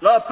La